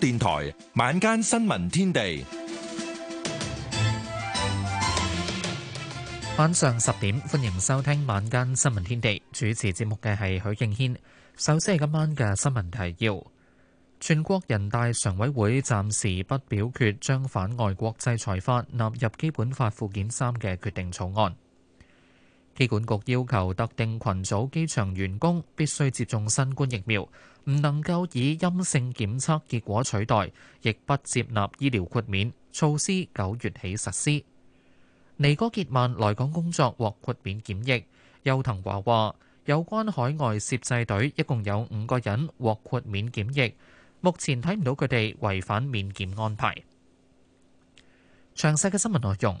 電台晚間新聞天地，晚上十點，歡迎收聽晚間新聞天地。主持節目嘅係許敬軒，首先係今晚嘅新聞提要：全國人大常委會暫時不表決將反外國制裁法納入基本法附件三嘅決定草案。機管局要求特定群組機場員工必須接種新冠疫苗，唔能夠以陰性檢測結果取代，亦不接納醫療豁免措施。九月起實施。尼哥杰曼來港工作獲豁免檢疫，邱騰華話：有關海外攝製隊一共有五個人獲豁免檢疫，目前睇唔到佢哋違反免檢安排。詳細嘅新聞內容。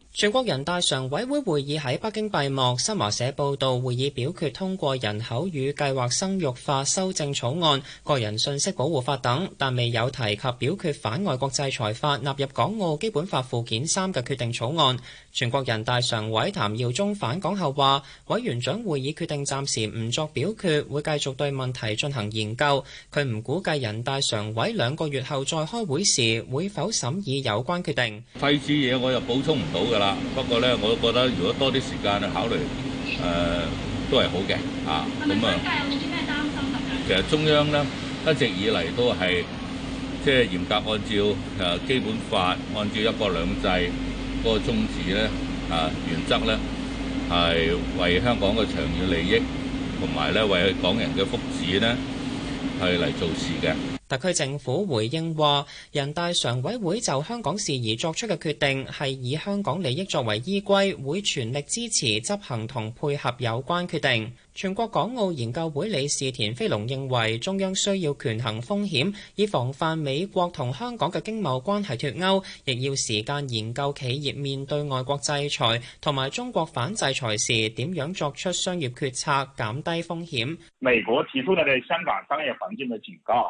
全國人大常委會會議喺北京閉幕，新華社報道，會議表決通過人口與計劃生育法修正草案、個人信息保護法等，但未有提及表決反外國制裁法納入港澳基本法附件三嘅決定草案。全國人大常委譚耀宗返港後話，委員長會議決定暫時唔作表決，會繼續對問題進行研究。佢唔估計人大常委兩個月後再開會時會否審議有關決定。廢止嘢我又補充唔到嘅。不過咧，我覺得如果多啲時間去考慮，誒、呃、都係好嘅啊。咁啊，其實中央咧一直以嚟都係即係嚴格按照誒基本法，按照一國兩制嗰個宗旨咧啊原則咧，係為香港嘅長遠利益同埋咧為港人嘅福祉咧係嚟做事嘅。特區政府回應話，人大常委會就香港事宜作出嘅決定係以香港利益作為依歸，會全力支持執行同配合有關決定。全國港澳研究會理事田飛龍認為，中央需要權衡風險，以防範美國同香港嘅經貿關係脱鈎，亦要時間研究企業面對外國制裁同埋中國反制裁時點樣作出商業決策，減低風險。美國提出了對香港商業環境嘅警告。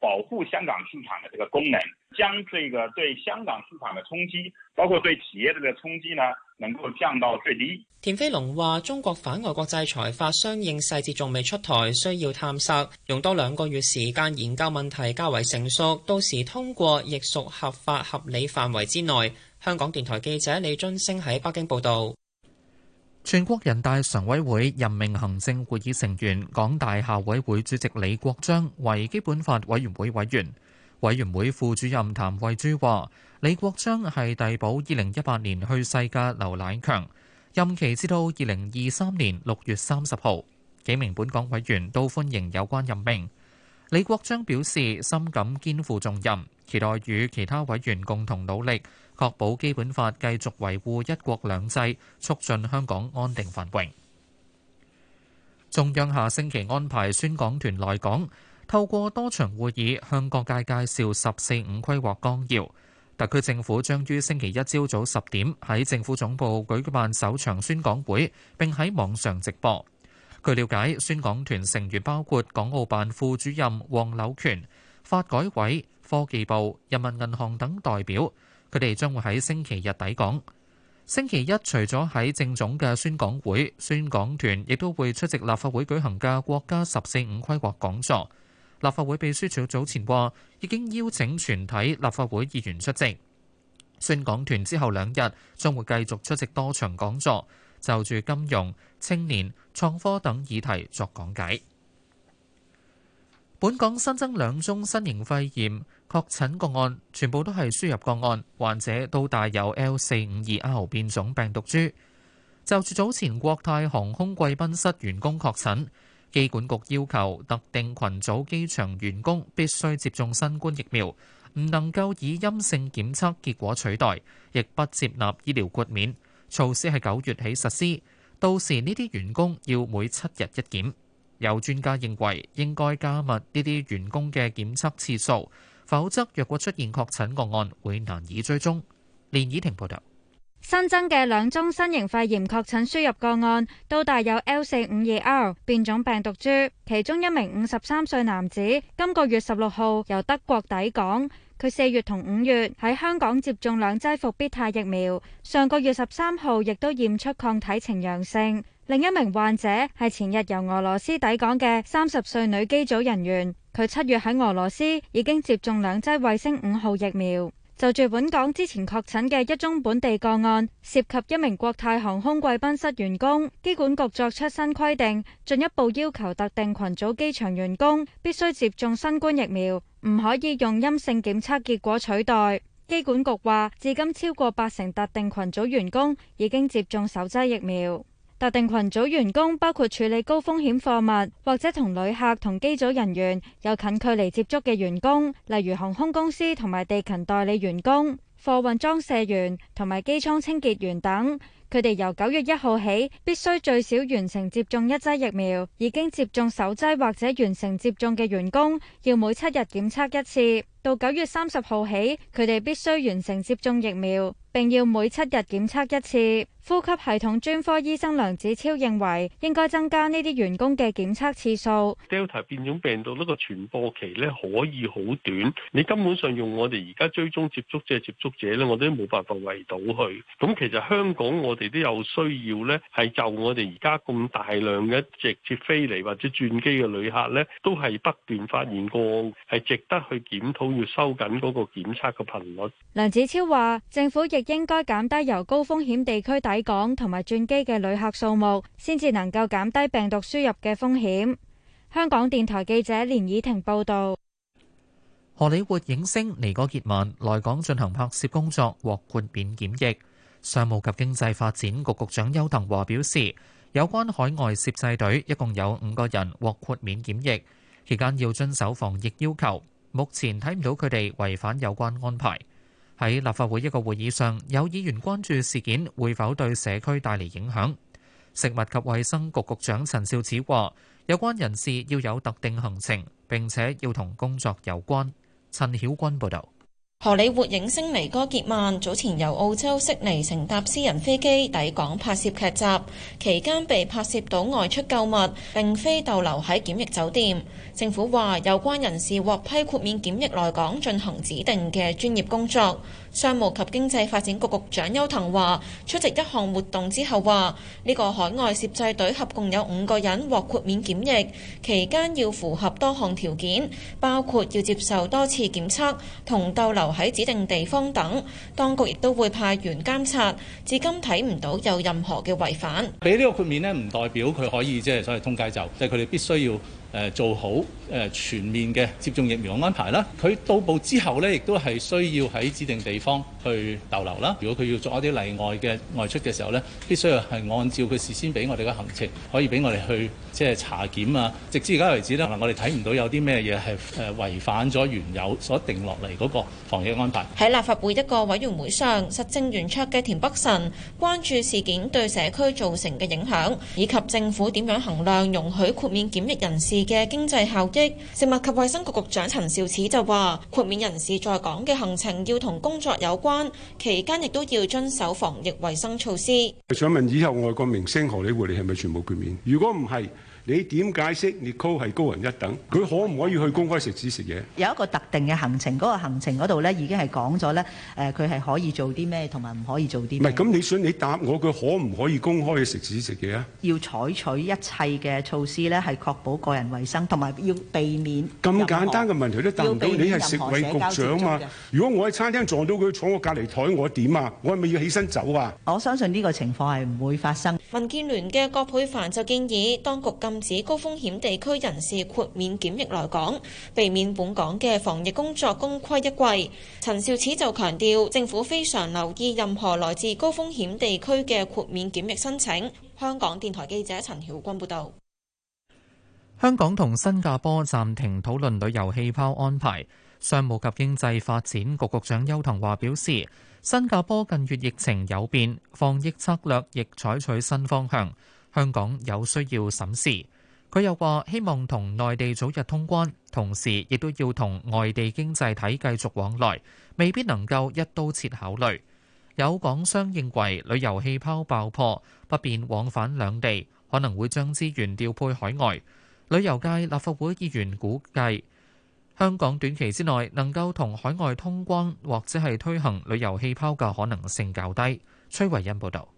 保護香港市場的這個功能，將這個對香港市場的衝擊，包括對企業的這個衝擊呢，能夠降到最低。田飛龍話，中國反外國制裁法相應細節仲未出台，需要探索用多兩個月時間研究問題較為成熟，到時通過亦屬合法合理範圍之內。香港電台記者李津星喺北京報道。全國人大常委會任命行政會議成員、港大校委會主席李國章為基本法委員會委員。委員會副主任譚惠珠話：李國章係遞補二零一八年去世嘅劉乃強，任期至到二零二三年六月三十號。幾名本港委員都歡迎有關任命。李國章表示深感肩負重任，期待與其他委員共同努力。確保基本法繼續維護一國兩制，促進香港安定繁榮。中央下星期安排宣講團來港，透過多場會議向各界介紹十四五規劃綱要。特區政府將於星期一朝早十點喺政府總部舉辦首場宣講會，並喺網上直播。據了解，宣講團成員包括港澳辦副主任黃柳權、發改委、科技部、人民銀行等代表。佢哋將會喺星期日抵港。星期一除咗喺政總嘅宣講會，宣講團亦都會出席立法會舉行嘅國家十四五規劃講座。立法會秘書處早前話，已經邀請全體立法會議員出席。宣講團之後兩日將會繼續出席多場講座，就住金融、青年、創科等議題作講解。本港新增兩宗新型肺炎。確診個案全部都係輸入個案，患者都帶有 L 四五二 R 變種病毒株。就住早前國泰航空貴賓室員工確診，機管局要求特定群組機場員工必須接種新冠疫苗，唔能夠以陰性檢測結果取代，亦不接納醫療豁免。措施係九月起實施，到時呢啲員工要每七日一檢。有專家認為應該加密呢啲員工嘅檢測次數。否則，若果出現確診個案，會難以追蹤。連倚婷報導，新增嘅兩宗新型肺炎確診輸入個案，都帶有 L 四五二 R 變種病毒株。其中一名五十三歲男子，今個月十六號由德國抵港，佢四月同五月喺香港接種兩劑復必泰疫苗，上個月十三號亦都驗出抗體呈陽性。另一名患者係前日由俄羅斯抵港嘅三十歲女機組人員，佢七月喺俄羅斯已經接種兩劑衛星五號疫苗。就住本港之前確診嘅一宗本地個案，涉及一名國泰航空貴賓室員工。機管局作出新規定，進一步要求特定群組機場員工必須接種新冠疫苗，唔可以用陰性檢測結果取代。機管局話，至今超過八成特定群組員工已經接種首劑疫苗。特定群組員工包括處理高風險貨物或者同旅客同機組人員有近距離接觸嘅員工，例如航空公司同埋地勤代理員工、貨運裝卸員同埋機艙清潔員等。佢哋由九月一號起必須最少完成接種一劑疫苗。已經接種首劑或者完成接種嘅員工，要每七日檢測一次。到九月三十號起，佢哋必須完成接種疫苗。定要每七日檢測一次。呼吸系統專科醫生梁子超認為，應該增加呢啲員工嘅檢測次數。Delta 變種病毒呢個傳播期咧可以好短，你根本上用我哋而家追蹤接觸者、接觸者咧，我都冇辦法圍到佢。咁其實香港我哋都有需要咧，係就我哋而家咁大量嘅直接飛嚟或者轉機嘅旅客咧，都係不斷發現過，係值得去檢討要收緊嗰個檢測嘅頻率。梁子超話，政府亦。應該減低由高風險地區抵港同埋轉機嘅旅客數目，先至能夠減低病毒輸入嘅風險。香港電台記者連以婷報導。荷里活影星尼哥傑曼來港進行拍攝工作，獲豁免檢疫。商務及經濟發展局局長邱騰華表示，有關海外攝製隊一共有五個人獲豁免檢疫，期間要遵守防疫要求。目前睇唔到佢哋違反有關安排。喺立法會一個會議上，有議員關注事件會否對社區帶嚟影響。食物及衛生局局長陳肇始話：有關人士要有特定行程，並且要同工作有關。陳曉君報道。荷里活影星尼哥杰曼早前由澳洲悉尼乘搭私人飛機抵港拍攝劇集，期間被拍攝到外出購物，並非逗留喺檢疫酒店。政府話有關人士獲批豁免檢疫來港進行指定嘅專業工作。商務及經濟發展局局長邱騰話出席一項活動之後，話、這、呢個海外攝製隊合共有五個人獲豁免檢疫，期間要符合多項條件，包括要接受多次檢測同逗留。喺指定地方等，當局亦都會派員監察，至今睇唔到有任何嘅違反。俾呢個豁免呢，唔代表佢可以即係所謂通街走，即係佢哋必須要誒做好。誒全面嘅接種疫苗嘅安排啦，佢到埗之後呢亦都係需要喺指定地方去逗留啦。如果佢要做一啲例外嘅外出嘅時候呢，必須係按照佢事先俾我哋嘅行程，可以俾我哋去即係、就是、查檢啊。直至而家為止咧，可能我哋睇唔到有啲咩嘢係誒違反咗原有所定落嚟嗰個防疫安排。喺立法會一個委員會上，實政圓桌嘅田北辰關注事件對社區造成嘅影響，以及政府點樣衡量容許豁免檢疫人士嘅經濟效。食物及衛生局局長陳肇始就話：豁免人士在港嘅行程要同工作有關，期間亦都要遵守防疫衛生措施。想問以後外國明星荷里活你係咪全部豁免？如果唔係？你點解釋？你 call 係高人一等，佢、嗯、可唔可以去公開食肆食嘢？有一個特定嘅行程，嗰、那個行程嗰度咧已經係講咗咧，誒佢係可以做啲咩同埋唔可以做啲咩？唔係咁，你想你答我，佢可唔可以公開去食肆食嘢啊？要採取一切嘅措施咧，係確保個人衞生，同埋要避免任何社交接觸。咁簡單嘅問題都答唔到，你係食衞局長嘛、啊？如果我喺餐廳撞到佢坐我隔離枱，我點啊？我係咪要起身走啊？我相信呢個情況係唔會發生。民建聯嘅葛珮帆就建議當局禁，指高風險地區人士豁免檢疫來港，避免本港嘅防疫工作功虧一簣。陳肇始就強調，政府非常留意任何來自高風險地區嘅豁免檢疫申請。香港電台記者陳曉君報導。香港同新加坡暫停討論旅遊氣泡安排。商務及經濟發展局局長邱騰華表示，新加坡近月疫情有變，防疫策略亦採取新方向。香港有需要審視，佢又話希望同內地早日通關，同時亦都要同外地經濟體繼續往來，未必能夠一刀切考慮。有港商認為旅遊氣泡爆破，不便往返兩地，可能會將資源調配海外。旅遊界立法會議員估計，香港短期之內能夠同海外通關或者係推行旅遊氣泡嘅可能性較低。崔維恩報道。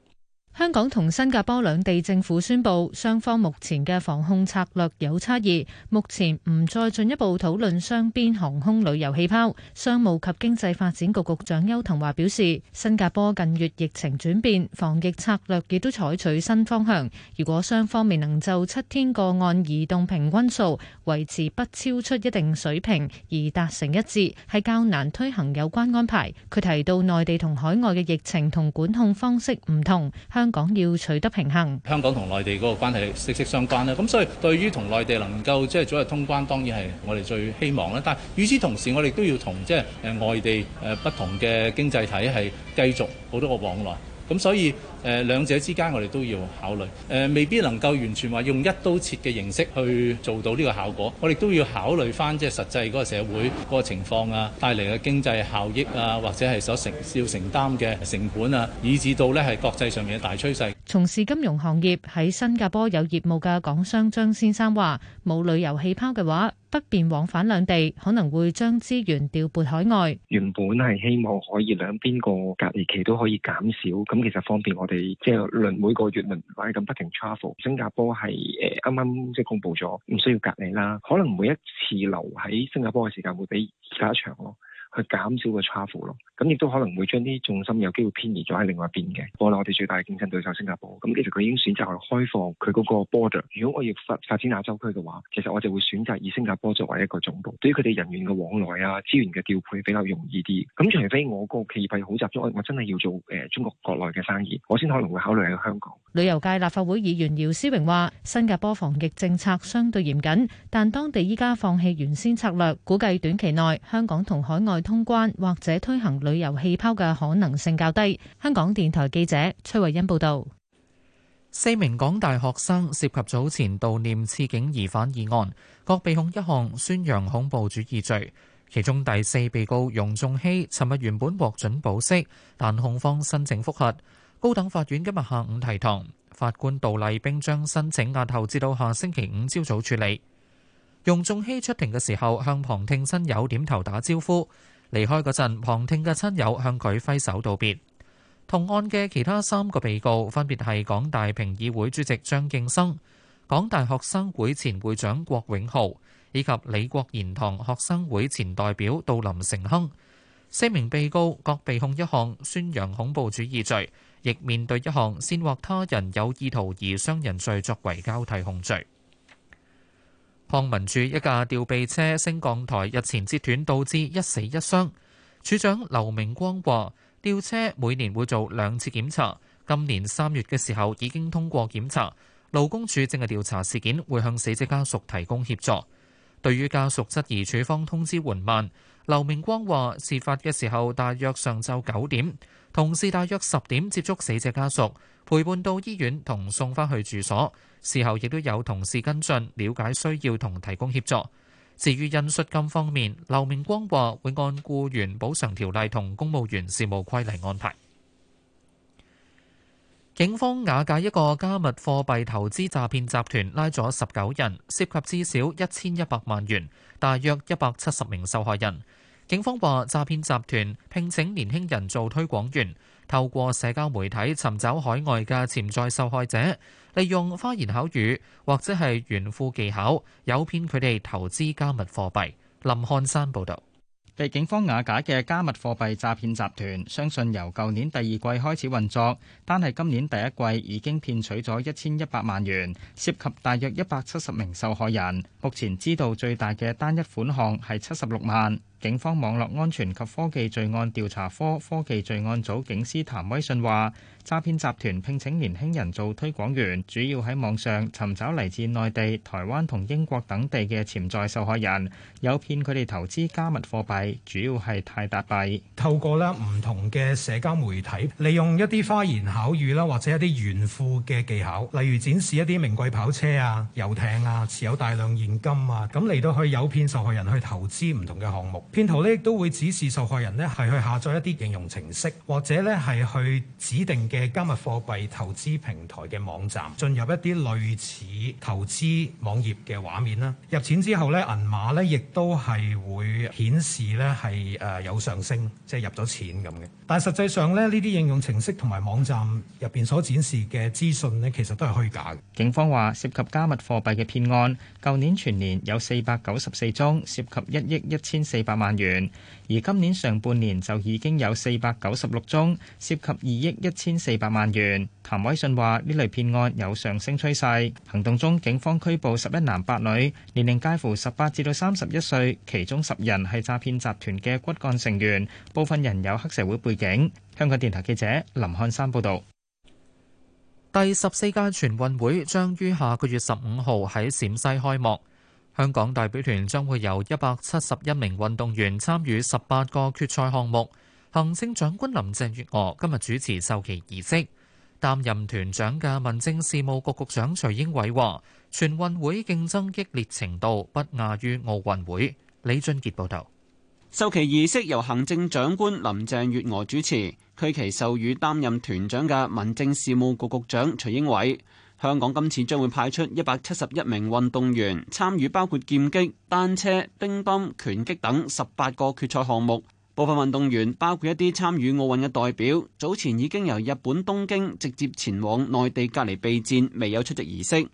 香港同新加坡兩地政府宣布，雙方目前嘅防控策略有差異，目前唔再進一步討論雙邊航空旅遊氣泡。商務及經濟發展局局長邱騰華表示，新加坡近月疫情轉變，防疫策略亦都採取新方向。如果雙方未能就七天個案移動平均數維持不超出一定水平而達成一致，係較難推行有關安排。佢提到內地同海外嘅疫情同管控方式唔同。香港要取得平衡，香港同內地嗰個關係息息相關啦，咁所以對於同內地能夠即係早日通關，當然係我哋最希望啦，但係與此同時我哋都要同即係誒外地誒不同嘅經濟體系繼續好多個往來。咁所以，誒、呃、兩者之間我哋都要考慮，誒、呃、未必能夠完全話用一刀切嘅形式去做到呢個效果。我哋都要考慮翻即係實際嗰個社會個情況啊，帶嚟嘅經濟效益啊，或者係所承要承擔嘅成本啊，以至到咧係國際上面嘅大趨勢。從事金融行業喺新加坡有業務嘅港商張先生話，冇旅遊氣泡嘅話，不便往返兩地，可能會將資源調撥海外。原本係希望可以兩邊個隔離期都可以減少，咁其實方便我哋即係每每個月輪翻咁不停 travel。新加坡係誒啱啱即係公布咗唔需要隔離啦，可能每一次留喺新加坡嘅時間會比而家長咯。去減少個差庫咯，咁亦都可能會將啲重心有機會偏移咗喺另外一邊嘅。包括我哋最大嘅競爭對手新加坡，咁其實佢已經選擇去開放佢嗰個 border。如果我要發發展亞洲區嘅話，其實我就會選擇以新加坡作為一個總部。對於佢哋人員嘅往來啊、資源嘅調配比較容易啲。咁除非我個企業係好集中，我真係要做誒中國國內嘅生意，我先可能會考慮喺香港。旅遊界立法會議員姚思榮話：新加坡防疫政策相對嚴謹，但當地依家放棄原先策略，估計短期內香港同海外。通關或者推行旅遊氣泡嘅可能性較低。香港電台記者崔慧欣報道，四名港大學生涉及早前悼念刺警疑犯議案，各被控一項宣揚恐怖主義罪。其中第四被告容仲熙尋日原本獲准保釋，但控方申請覆核。高等法院今日下午提堂，法官杜麗冰將申請押後至到下星期五朝早處理。容仲熙出庭嘅時候，向旁聽親友點頭打招呼。離開嗰陣，旁聽嘅親友向佢揮手道別。同案嘅其他三個被告分別係港大評議會主席張敬生、港大學生會前會長郭永浩以及李國賢堂學生會前代表杜林成亨。四名被告各被控一項宣揚恐怖主義罪，亦面對一項煽惑他人有意圖而傷人罪作為交替控罪。康文署一架吊臂車升降台日前折斷，導致一死一傷。署長劉明光話吊車每年會做兩次檢查，今年三月嘅時候已經通過檢查。勞工處正係調查事件，會向死者家屬提供協助。對於家屬質疑處方通知緩慢，劉明光話：事發嘅時候大約上晝九點，同事大約十點接觸死者家屬，陪伴到醫院同送翻去住所。事後亦都有同事跟進了解需要同提供協助。至於印恤金方面，劉明光話會按僱員補償條例同公務員事務規例安排。警方瓦解一個加密貨幣投資詐騙集團，拉咗十九人，涉及至少一千一百萬元，大約一百七十名受害人。警方話，詐騙集團聘請年輕人做推廣員，透過社交媒體尋找海外嘅潛在受害者，利用花言巧語或者係炫富技巧，誘騙佢哋投資加密貨幣。林漢山報道。被警方瓦解嘅加密貨幣詐騙集團相信由舊年第二季開始運作，單係今年第一季已經騙取咗一千一百萬元，涉及大約一百七十名受害人。目前知道最大嘅單一款項係七十六萬。警方網絡安全及科技罪案調查科科技罪案組警司譚威信話，詐騙集團聘請年輕人做推廣員，主要喺網上尋找嚟自內地、台灣同英國等地嘅潛在受害人，誘騙佢哋投資加密貨幣，主要係泰達幣。透過咧唔同嘅社交媒體，利用一啲花言巧語啦，或者一啲炫富嘅技巧，例如展示一啲名貴跑車啊、遊艇啊，持有大量現金啊，咁嚟到去誘騙受害人去投資唔同嘅項目。騙徒咧亦都會指示受害人咧係去下載一啲應用程式，或者咧係去指定嘅加密貨幣投資平台嘅網站，進入一啲類似投資網頁嘅畫面啦。入錢之後咧，銀碼咧亦都係會顯示咧係誒有上升，即係入咗錢咁嘅。但係實際上咧，呢啲應用程式同埋網站入邊所展示嘅資訊咧，其實都係虛假嘅。警方話涉及加密貨幣嘅騙案，舊年全年有四百九十四宗涉及一億一千四百萬元，而今年上半年就已經有四百九十六宗涉及二億一千四百萬元。譚偉信話：呢類騙案有上升趨勢。行動中，警方拘捕十一男八女，年齡介乎十八至到三十一歲，其中十人係詐騙集團嘅骨幹成員，部分人有黑社會背景。香港電台記者林漢山報導。第十四屆全運會將於下個月十五號喺陝西開幕，香港代表團將會有一百七十一名運動員參與十八個決賽項目。行政長官林鄭月娥今日主持授旗儀式，擔任團長嘅民政事務局局長徐英偉話，全運會競爭激烈程度不亞於奧運會。李俊杰報道。授旗儀式由行政長官林鄭月娥主持，區旗授予擔任團長嘅民政事務局局長徐英偉。香港今次將會派出一百七十一名運動員參與包括劍擊、單車、乒乓、拳擊等十八個決賽項目。部分運動員包括一啲參與奧運嘅代表，早前已經由日本東京直接前往內地隔離備戰，未有出席儀式。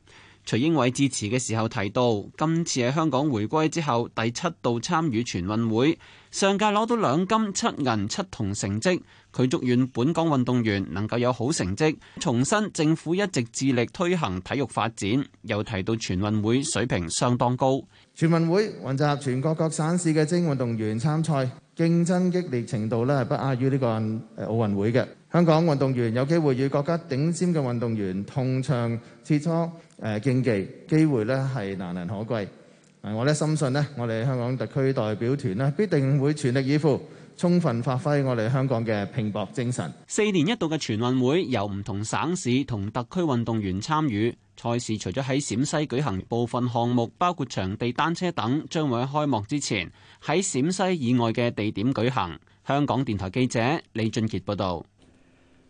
徐英偉致辭嘅時候提到，今次喺香港回歸之後第七度參與全運會，上屆攞到兩金七銀七銅成績，佢祝願本港運動員能夠有好成績，重申政府一直致力推行體育發展，又提到全運會水平相當高。全運會雲集全國各省市嘅精運動員參賽。競爭激烈程度咧係不亞於呢個誒奧運會嘅。香港運動員有機會與國家頂尖嘅運動員同場切磋誒競技，機會咧係難能可貴。我咧深信咧，我哋香港特區代表團咧必定會全力以赴。充分發揮我哋香港嘅拼搏精神。四年一度嘅全運會由唔同省市同特區運動員參與賽事，除咗喺陝西舉行部分項目，包括場地單車等，將會喺開幕之前喺陝西以外嘅地點舉行。香港電台記者李俊杰報道。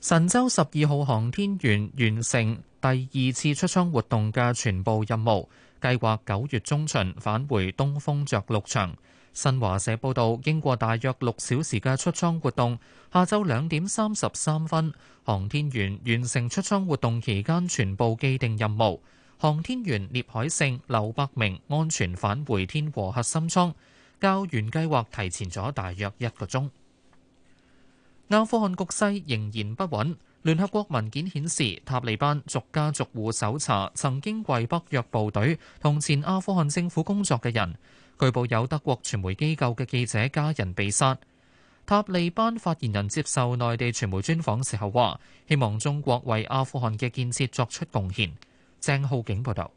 神舟十二號航天員完成第二次出艙活動嘅全部任務，計劃九月中旬返回東風着陸場。新華社報道，經過大約六小時嘅出艙活動，下晝兩點三十三分，航天員完成出艙活動期間全部既定任務。航天員聶海勝、劉伯明安全返回天和核心艙，較原計劃提前咗大約一個鐘。阿富汗局勢仍然不穩，聯合國文件顯示，塔利班逐家逐戶搜查曾經為北約部隊同前阿富汗政府工作嘅人。據報有德國傳媒機構嘅記者家人被殺。塔利班發言人接受內地傳媒專訪時候話，希望中國為阿富汗嘅建設作出貢獻。鄭浩景報道。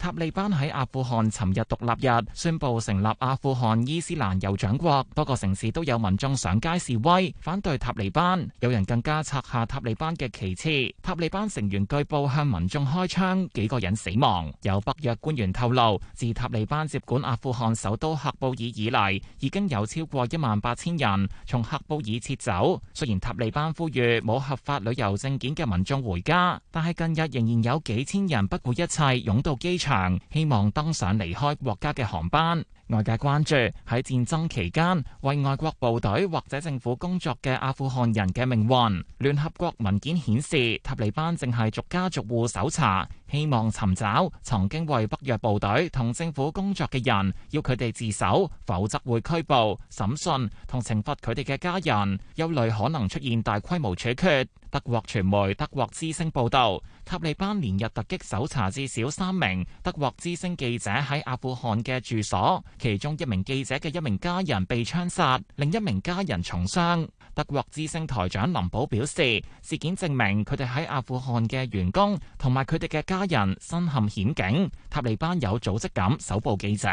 塔利班喺阿富汗尋日獨立日宣布成立阿富汗伊斯蘭酋長國，多個城市都有民眾上街示威反對塔利班，有人更加拆下塔利班嘅旗幟。塔利班成員據報向民眾開槍，幾個人死亡。有北約官員透露，自塔利班接管阿富汗首都喀布爾以嚟，已經有超過一萬八千人從喀布爾撤走。雖然塔利班呼籲冇合法旅遊證件嘅民眾回家，但係近日仍然有幾千人不顧一切湧到機場。希望登上離開國家嘅航班。外界關注喺戰爭期間為外國部隊或者政府工作嘅阿富汗人嘅命運。聯合國文件顯示，塔利班正係逐家逐戶搜查，希望尋找曾經為北約部隊同政府工作嘅人，要佢哋自首，否則會拘捕、審訊同懲罰佢哋嘅家人。憂慮可能出現大規模處決。德國傳媒《德國之聲》報道。塔利班連日突擊搜查至少三名德國之聲記者喺阿富汗嘅住所，其中一名記者嘅一名家人被槍殺，另一名家人重傷。德國之聲台長林保表示，事件證明佢哋喺阿富汗嘅員工同埋佢哋嘅家人身陷險境。塔利班有組織噉搜捕記者。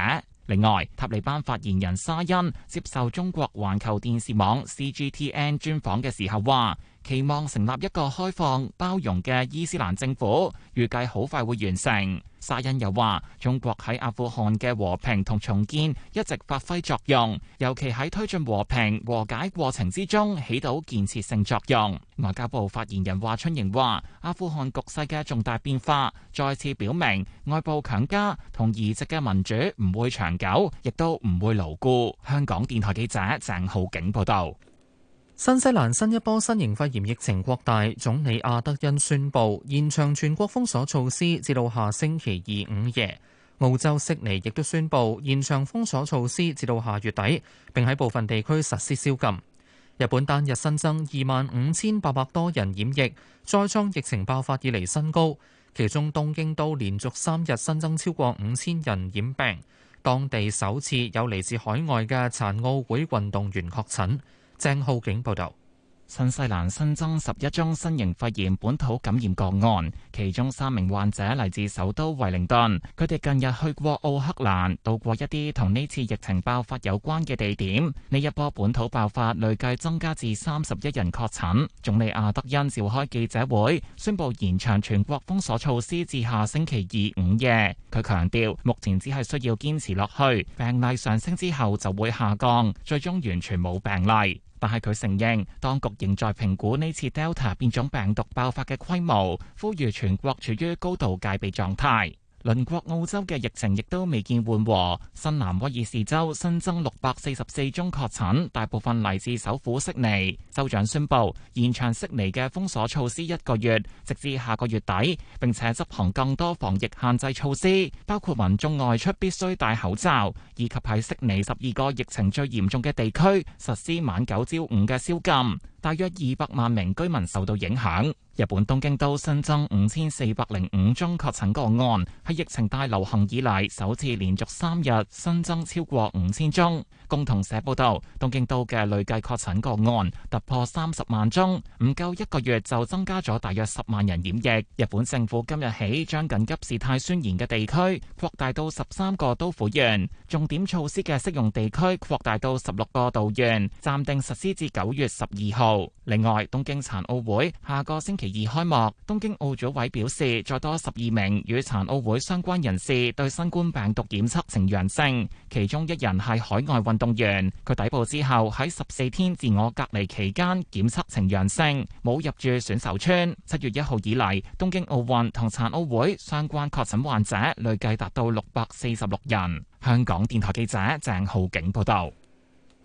另外，塔利班發言人沙欣接受中國環球電視網 CGTN 專訪嘅時候話。期望成立一個開放包容嘅伊斯蘭政府，預計好快會完成。沙欣又話中國喺阿富汗嘅和平同重建一直發揮作用，尤其喺推進和平和解過程之中起到建設性作用。外交部發言人華春瑩話阿富汗局勢嘅重大變化，再次表明外部強加同移植嘅民主唔會長久，亦都唔會牢固。香港電台記者鄭浩景報道。新西蘭新一波新型肺炎疫情擴大，總理阿德恩宣布延長全國封鎖措施至到下星期二午夜。澳洲悉尼亦都宣布延長封鎖措施至到下月底，並喺部分地區實施宵禁。日本單日新增二萬五千八百多人染疫，再創疫情爆發以嚟新高。其中東京都連續三日新增超過五千人染病，當地首次有嚟自海外嘅殘奧會運動員確診。鄭浩景報道：新西蘭新增十一宗新型肺炎本土感染個案，其中三名患者嚟自首都惠靈頓，佢哋近日去過奧克蘭，到過一啲同呢次疫情爆發有關嘅地點。呢一波本土爆發累計增加至三十一人確診。總理阿德恩召開記者會，宣布延長全國封鎖措施至下星期二午夜。佢強調，目前只係需要堅持落去，病例上升之後就會下降，最終完全冇病例。但係佢承認，當局仍在評估呢次 Delta 變種病毒爆發嘅規模，呼籲全國處於高度戒備狀態。鄰國澳洲嘅疫情亦都未見緩和，新南威爾士州新增六百四十四宗確診，大部分嚟自首府悉尼。州長宣佈延長悉尼嘅封鎖措施一個月，直至下個月底，並且執行更多防疫限制措施，包括民眾外出必須戴口罩，以及喺悉尼十二個疫情最嚴重嘅地區實施晚九朝五嘅宵禁。大約二百萬名居民受到影響。日本東京都新增五千四百零五宗確診個案，喺疫情大流行以嚟首次連續三日新增超過五千宗。共同社報道，東京都嘅累計確診個案突破三十萬宗，唔夠一個月就增加咗大約十萬人染疫。日本政府今日起將緊急事態宣言嘅地區擴大到十三個都府縣，重點措施嘅適用地區擴大到十六個道縣，暫定實施至九月十二號。另外，東京殘奧會下個星期二開幕。東京奧組委表示，再多十二名與殘奧會相關人士對新冠病毒檢測呈陽性，其中一人係海外運動員。佢抵埗之後喺十四天自我隔離期間檢測呈陽性，冇入住選手村。七月一號以嚟，東京奧運同殘奧會相關確診患者累計達到六百四十六人。香港電台記者鄭浩景報道。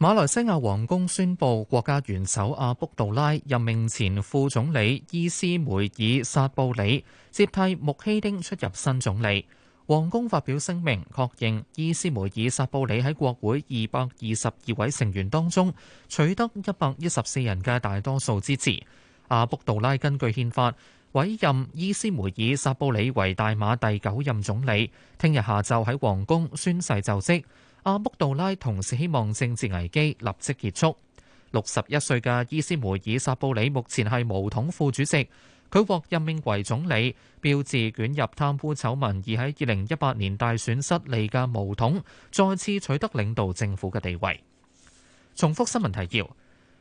馬來西亞王宮宣布，國家元首阿卜杜拉任命前副總理伊斯梅爾薩布里接替穆希丁出任新總理。王宮發表聲明，確認伊斯梅爾薩布里喺國會二百二十二位成員當中取得一百一十四人嘅大多數支持。阿卜杜拉根據憲法委任伊斯梅爾薩布里為大馬第九任總理，聽日下晝喺王宮宣誓就職。阿卜杜拉同時希望政治危機立即結束。六十一歲嘅伊斯梅爾薩布里目前係毛統副主席，佢獲任命為總理，標誌捲入貪污醜聞而喺二零一八年大選失利嘅毛統再次取得領導政府嘅地位。重複新聞提要：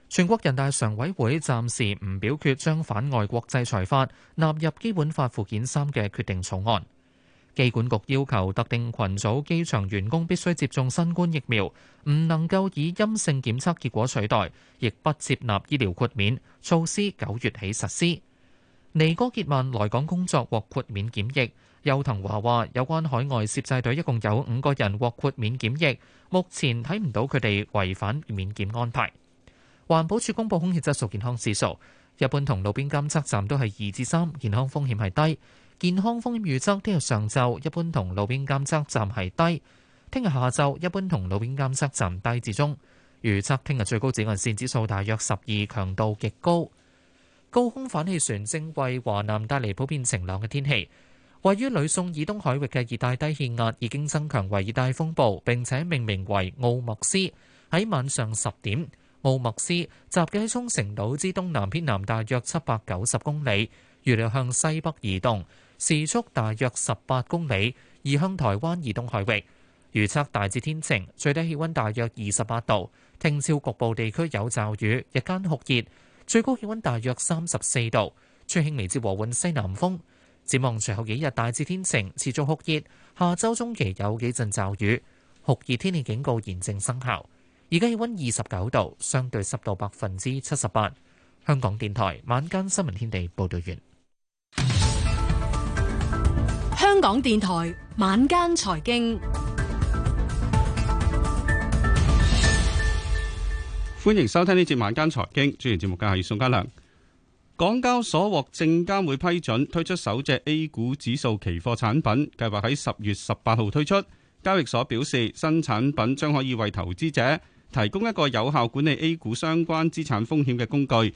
全國人大常委會暫時唔表決將反外國制裁法納入基本法附件三嘅決定草案。機管局要求特定群組機場員工必須接種新冠疫苗，唔能夠以陰性檢測結果取代，亦不接納醫療豁免措施。九月起實施。尼哥潔曼來港工作獲豁免檢疫，邱騰華話有關海外攝製隊一共有五個人獲豁免檢疫，目前睇唔到佢哋違反免檢安排。環保署公布空氣質素健康指數，一般同路邊監測站都係二至三，健康風險係低。健康風險預測：聽日上晝一般同路邊監測站係低；聽日下晝一般同路邊監測站低至中。預測聽日最高紫外線指數大約十二，強度極高。高空反氣旋正為華南帶嚟普遍晴朗嘅天氣。位於呂宋以東海域嘅熱帶低氣壓已經增強為熱帶風暴，並且命名為奧莫斯。喺晚上十點，奧莫斯集結喺沖繩島之東南偏南大約七百九十公里，預料向西北移動。時速大約十八公里，移向台灣以東海域。預測大致天晴，最低氣溫大約二十八度，聽朝局部地區有驟雨，日間酷熱，最高氣溫大約三十四度，吹輕微至和緩西南風。展望隨後幾日大致天晴，持續酷熱，下周中期有幾陣驟雨，酷熱天氣警告現正生效。而家氣溫二十九度，相對濕度百分之七十八。香港電台晚間新聞天地報道完。港電台晚間財經，歡迎收聽呢節晚間財經。主持節目嘅係宋家良。港交所獲證監會批准推出首隻 A 股指數期貨產品，計劃喺十月十八號推出。交易所表示，新產品將可以為投資者提供一個有效管理 A 股相關資產風險嘅工具。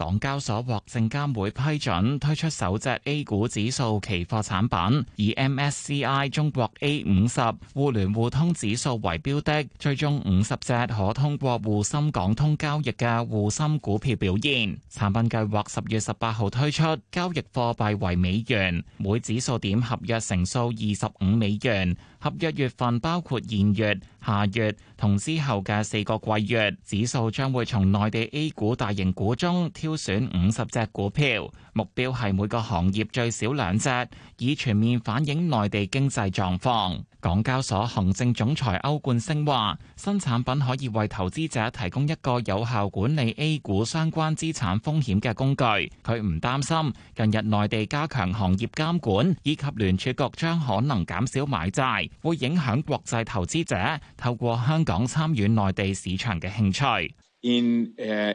港交所獲證監會批准推出首隻 A 股指數期貨產品，以 MSCI 中國 A 五十互聯互通指數為標的，最終五十隻可通過滬深港通交易嘅滬深股票表現，產品計劃十月十八號推出，交易貨幣為美元，每指數點合約乘數二十五美元。合約月份包括現月、下月同之後嘅四個季月，指數將會從內地 A 股大型股中挑選五十隻股票，目標係每個行業最少兩隻，以全面反映內地經濟狀況。港交所行政總裁歐冠昇話：新產品可以為投資者提供一個有效管理 A 股相關資產風險嘅工具。佢唔擔心近日內地加強行業監管，以及聯儲局將可能減少買債，會影響國際投資者透過香港參與內地市場嘅興趣。In, uh,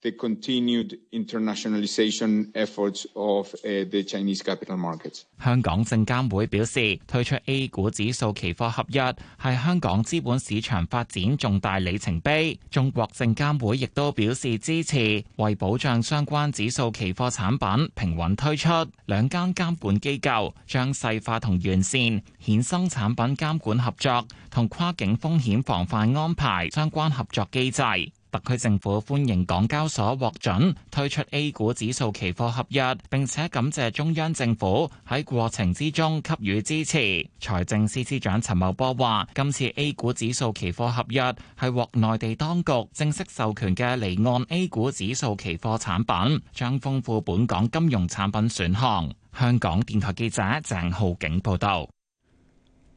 The continued internationalisation efforts of the Chinese capital markets. 香港證監會表示，推出 A 股指數期貨合約係香港資本市場發展重大里程碑。中國證監會亦都表示支持，為保障相關指數期貨產品平穩推出，兩間監管機構將細化同完善衍生產品監管合作同跨境風險防範安排相關合作機制。特區政府歡迎港交所獲准推出 A 股指數期貨合約，並且感謝中央政府喺過程之中給予支持。財政司司長陳茂波話，今次 A 股指數期貨合約係獲內地當局正式授權嘅離岸 A 股指數期貨產品，將豐富本港金融產品選項。香港電台記者鄭浩景報道。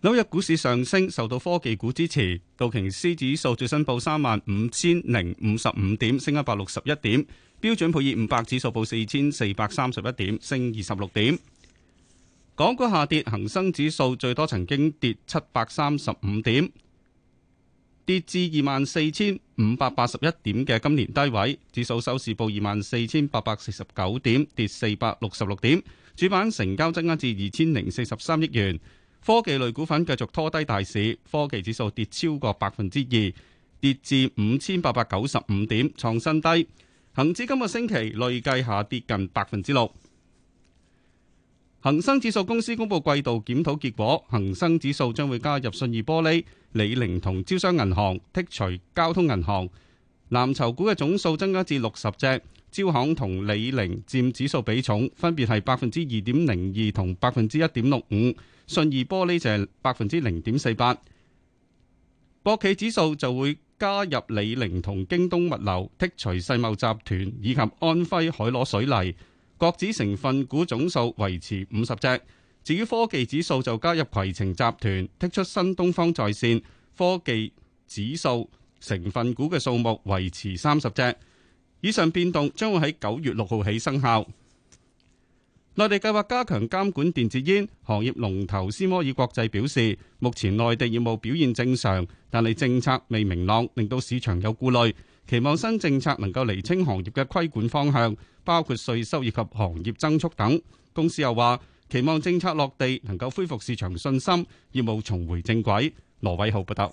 紐約股市上升，受到科技股支持。道瓊斯指數最新報三萬五千零五十五點，升一百六十一點。標準普爾五百指數報四千四百三十一點，升二十六點。港股下跌，恆生指數最多曾經跌七百三十五點，跌至二萬四千五百八十一點嘅今年低位。指數收市報二萬四千八百四十九點，跌四百六十六點。主板成交增加至二千零四十三億元。科技類股份繼續拖低大市，科技指數跌超過百分之二，跌至五千八百九十五點，創新低。恒指今個星期累計下跌近百分之六。恒生指數公司公布季度檢討結果，恒生指數將會加入信義玻璃、李寧同招商銀行，剔除交通銀行。藍籌股嘅總數增加至六十隻，招行同李寧占指數比重分別係百分之二點零二同百分之一點六五。信義玻璃就係百分之零點四八，國企指數就會加入李寧同京東物流，剔除世茂集團以及安徽海螺水泥，國指成分股總數維持五十隻。至於科技指數就加入攜程集團，剔出新東方在線，科技指數成分股嘅數目維持三十隻。以上變動將會喺九月六號起生效。內地計劃加強監管電子煙，行業龍頭思摩爾國際表示，目前內地業務表現正常，但係政策未明朗，令到市場有顧慮。期望新政策能夠釐清行業嘅規管方向，包括稅收以及行業增速等。公司又話，期望政策落地能夠恢復市場信心，業務重回正軌。羅偉浩報道，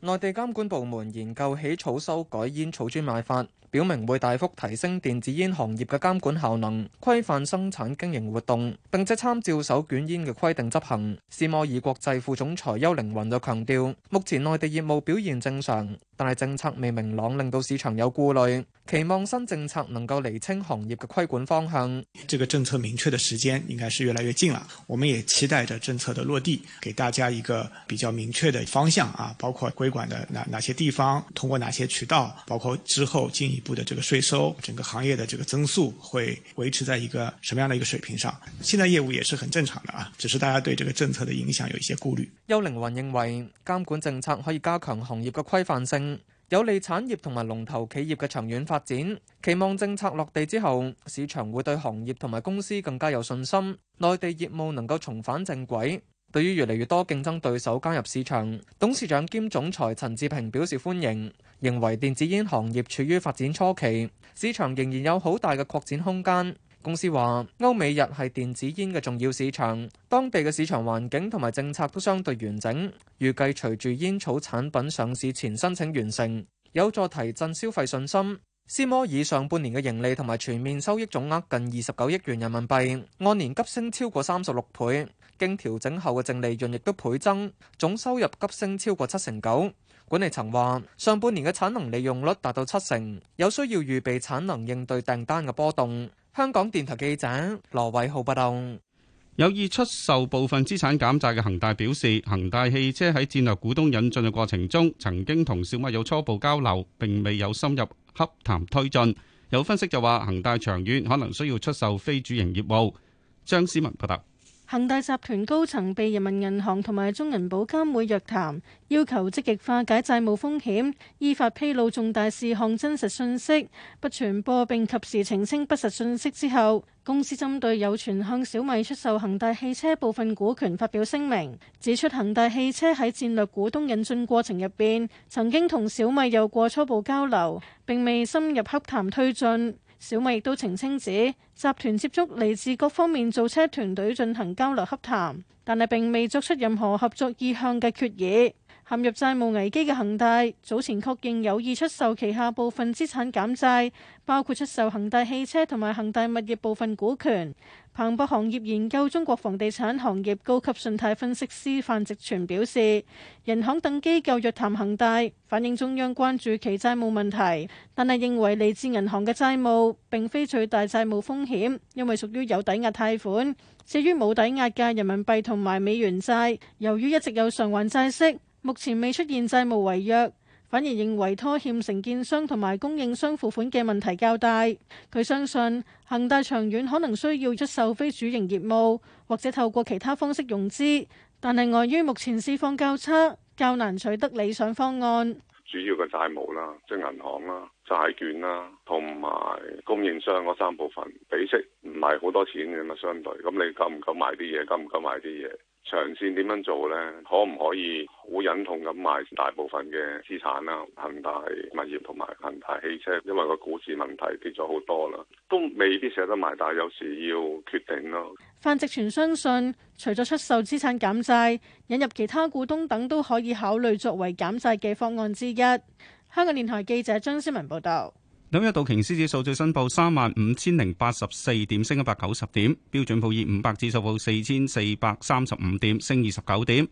內地監管部門研究起草修改煙草專賣法。表明會大幅提升電子煙行業嘅監管效能，規範生產經營活動，並且參照手捲煙嘅規定執行。思摩爾國際副總裁邱凌雲就強調：目前內地業務表現正常，但係政策未明朗，令到市場有顧慮。期望新政策能夠釐清行業嘅規管方向。這個政策明確的時間應該是越來越近了，我們也期待着政策的落地，給大家一個比較明確的方向啊，包括規管的哪哪些地方，通過哪些渠道，包括之後經營。一步的這個稅收，整個行業的這個增速會維持在一個什麼樣的一個水平上？現在業務也是很正常的啊，只是大家對這個政策的影響有一些顧慮。邱凌云認為，監管政策可以加強行業嘅規範性，有利產業同埋龍頭企業嘅長遠發展。期望政策落地之後，市場會對行業同埋公司更加有信心，內地業務能夠重返正軌。對於越嚟越多競爭對手加入市場，董事長兼總裁陳志平表示歡迎，認為電子煙行業處於發展初期，市場仍然有好大嘅擴展空間。公司話，歐美日係電子煙嘅重要市場，當地嘅市場環境同埋政策都相對完整。預計隨住煙草產品上市前申請完成，有助提振消費信心。思摩爾上半年嘅盈利同埋全面收益總額近二十九億元人民幣，按年急升超過三十六倍。經調整後嘅淨利潤亦都倍增，總收入急升超過七成九。管理層話，上半年嘅產能利用率達到七成，有需要預備產能應對訂單嘅波動。香港電台記者羅偉浩報道。有意出售部分資產減債嘅恒大表示，恒大汽車喺戰略股東引進嘅過程中，曾經同小米有初步交流，並未有深入洽談推進。有分析就話，恒大長遠可能需要出售非主營業務。張思文報道。恒大集團高層被人民銀行同埋中銀保監會約談，要求積極化解債務風險，依法披露重大事項真實信息，不傳播並及時澄清不實信息之後，公司針對有傳向小米出售恒大汽車部分股權發表聲明，指出恒大汽車喺戰略股東引進過程入邊，曾經同小米有過初步交流，並未深入洽談推進。小米亦都澄清指，集團接觸嚟自各方面造車團隊進行交流洽談，但係並未作出任何合作意向嘅決議。陷入債務危機嘅恒大早前確認有意出售旗下部分資產減債，包括出售恒大汽車同埋恒大物業部分股權。彭博行業研究中國房地產行業高級信貸分析師范植全表示，人行等機構約談恒大，反映中央關注其債務問題，但係認為嚟自銀行嘅債務並非最大債務風險，因為屬於有抵押貸款，至於冇抵押嘅人民幣同埋美元債，由於一直有償還債息。目前未出現債務違約，反而認為拖欠承建商同埋供應商付款嘅問題較大。佢相信恒大長遠可能需要出售非主營業務，或者透過其他方式融資，但係礙於目前市況較差，較難取得理想方案。主要嘅債務啦，即係銀行啦、債券啦，同埋供應商嗰三部分比息唔係好多錢嘅嘛，相對咁你夠唔夠買啲嘢？夠唔夠買啲嘢？長線點樣做呢？可唔可以好忍痛咁賣大部分嘅資產啦？恒大物業同埋恒大汽車，因為個股市問題跌咗好多啦，都未必捨得賣，但係有時要決定咯。范植泉相信，除咗出售資產減債，引入其他股東等都可以考慮作為減債嘅方案之一。香港電台記者張思文報道。紐約道瓊斯指數最新報三萬五千零八十四點，升一百九十點；標準普爾五百指數報四千四百三十五點，升二十九點；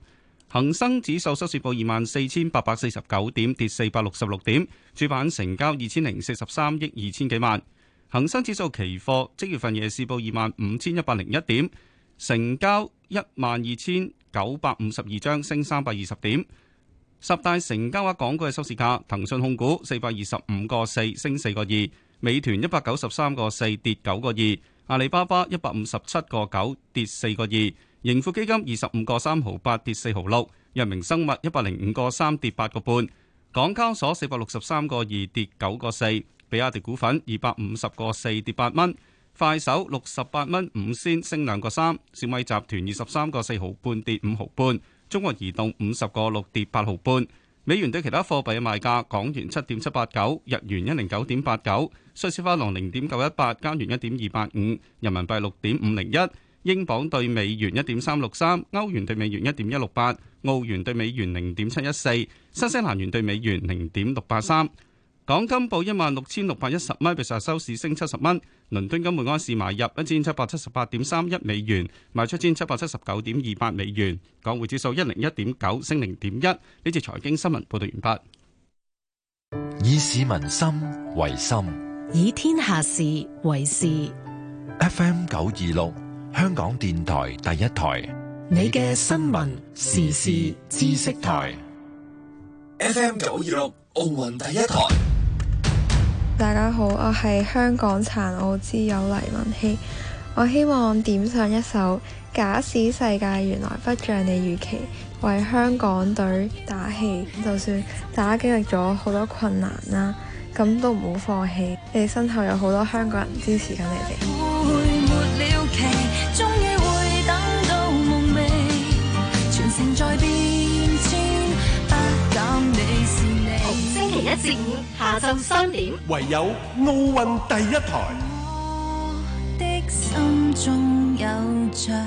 恒生指數收市報二萬四千八百四十九點，跌四百六十六點。主板成交二千零四十三億二千幾萬。恒生指數期貨即月份夜市報二萬五千一百零一點，成交一萬二千九百五十二張，升三百二十點。十大成交額港股嘅收市價：騰訊控股四百二十五個四升四個二，美團一百九十三個四跌九個二，阿里巴巴一百五十七個九跌四個二，盈富基金二十五個三毫八跌四毫六，藥明生物一百零五個三跌八個半，港交所四百六十三個二跌九個四，比亞迪股份二百五十個四跌八蚊，快手六十八蚊五仙升兩個三，小米集團二十三個四毫半跌五毫半。中國移動五十個六跌八毫半，美元對其他貨幣嘅賣價：港元七點七八九，日元一零九點八九，瑞士法郎零點九一八，加元一點二八五，人民幣六點五零一，英鎊對美元一點三六三，歐元對美元一點一六八，澳元對美元零點七一四，新西蘭元對美元零點六八三。港金報一萬六千六百一十蚊，比實收市升七十蚊。倫敦金每安士買入一千七百七十八點三一美元，賣出一千七百七十九點二八美元。港匯指數一零一點九升零點一。呢次財經新聞報道完畢。以市民心為心，以天下事為事。F M 九二六，香港電台第一台，你嘅新聞時事知識台。F M 九二六，台 26, 奧運第一台。大家好，我係香港殘奧之友黎文希，我希望點上一首《假使世界原來不像你預期》，為香港隊打氣，就算大家經歷咗好多困難啦，咁都唔好放棄，你哋身後有好多香港人支持緊你哋。下晝三點，唯有奧運第一台。我的心中有着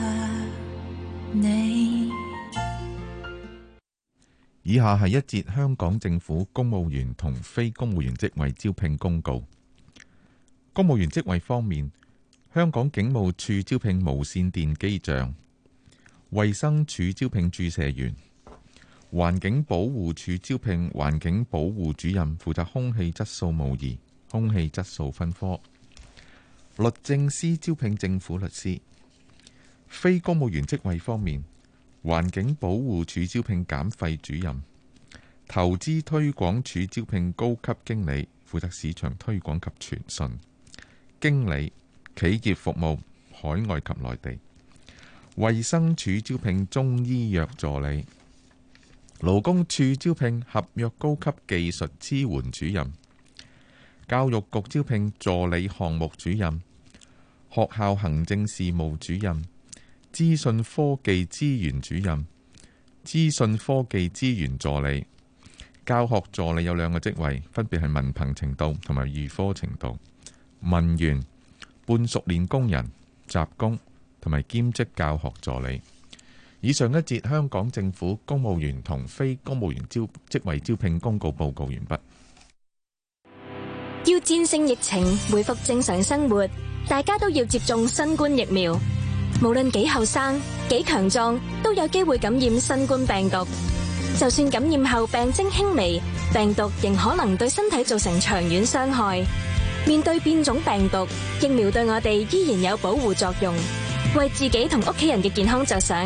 你。以下係一節香港政府公務員同非公務員職位招聘公告。公務員職位方面，香港警務處招聘無線電機像，衛生署招聘注射員。環境保護署招聘環境保護主任，負責空氣質素模擬、空氣質素分科。律政司招聘政府律師。非公務員職位方面，環境保護署招聘減廢主任。投資推廣署招聘高級經理，負責市場推廣及傳訊、經理企業服務海外及內地。衛生署招聘中醫藥助理。勞工處招聘合約高級技術支援主任，教育局招聘助理項目主任、學校行政事務主任、資訊科技資源主任、資訊科技資源助理、教學助理有兩個職位，分別係文憑程度同埋預科程度，文員、半熟練工人、雜工同埋兼職教學助理。以上一節，香港政府公務員同非公務員招職位招聘公告報告完畢。要戰勝疫情、回復正常生活，大家都要接種新冠疫苗。無論幾後生、幾強壯，都有機會感染新冠病毒。就算感染後病徵輕微，病毒仍可能對身體造成長遠傷害。面對變種病毒，疫苗對我哋依然有保護作用。為自己同屋企人嘅健康着想。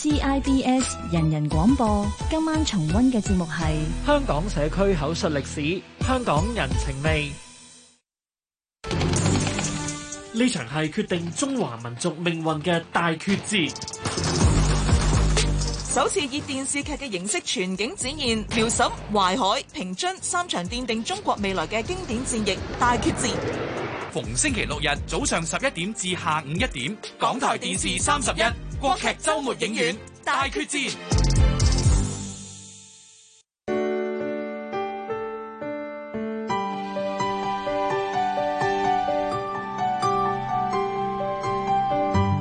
CIBS 人人廣播今晚重温嘅節目係《香港社區口述歷史：香港人情味》。呢場係決定中華民族命運嘅大決戰，首次以電視劇嘅形式全景展現遼瀋、淮海、平津三場奠定中國未來嘅經典戰役——大決戰。逢星期六日早上十一點至下午一點，港台電視三十一。國劇周末影院大決戰，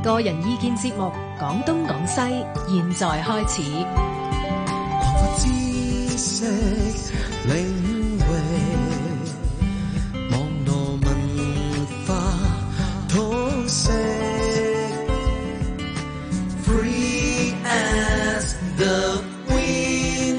個人意見節目廣東廣西，現在開始。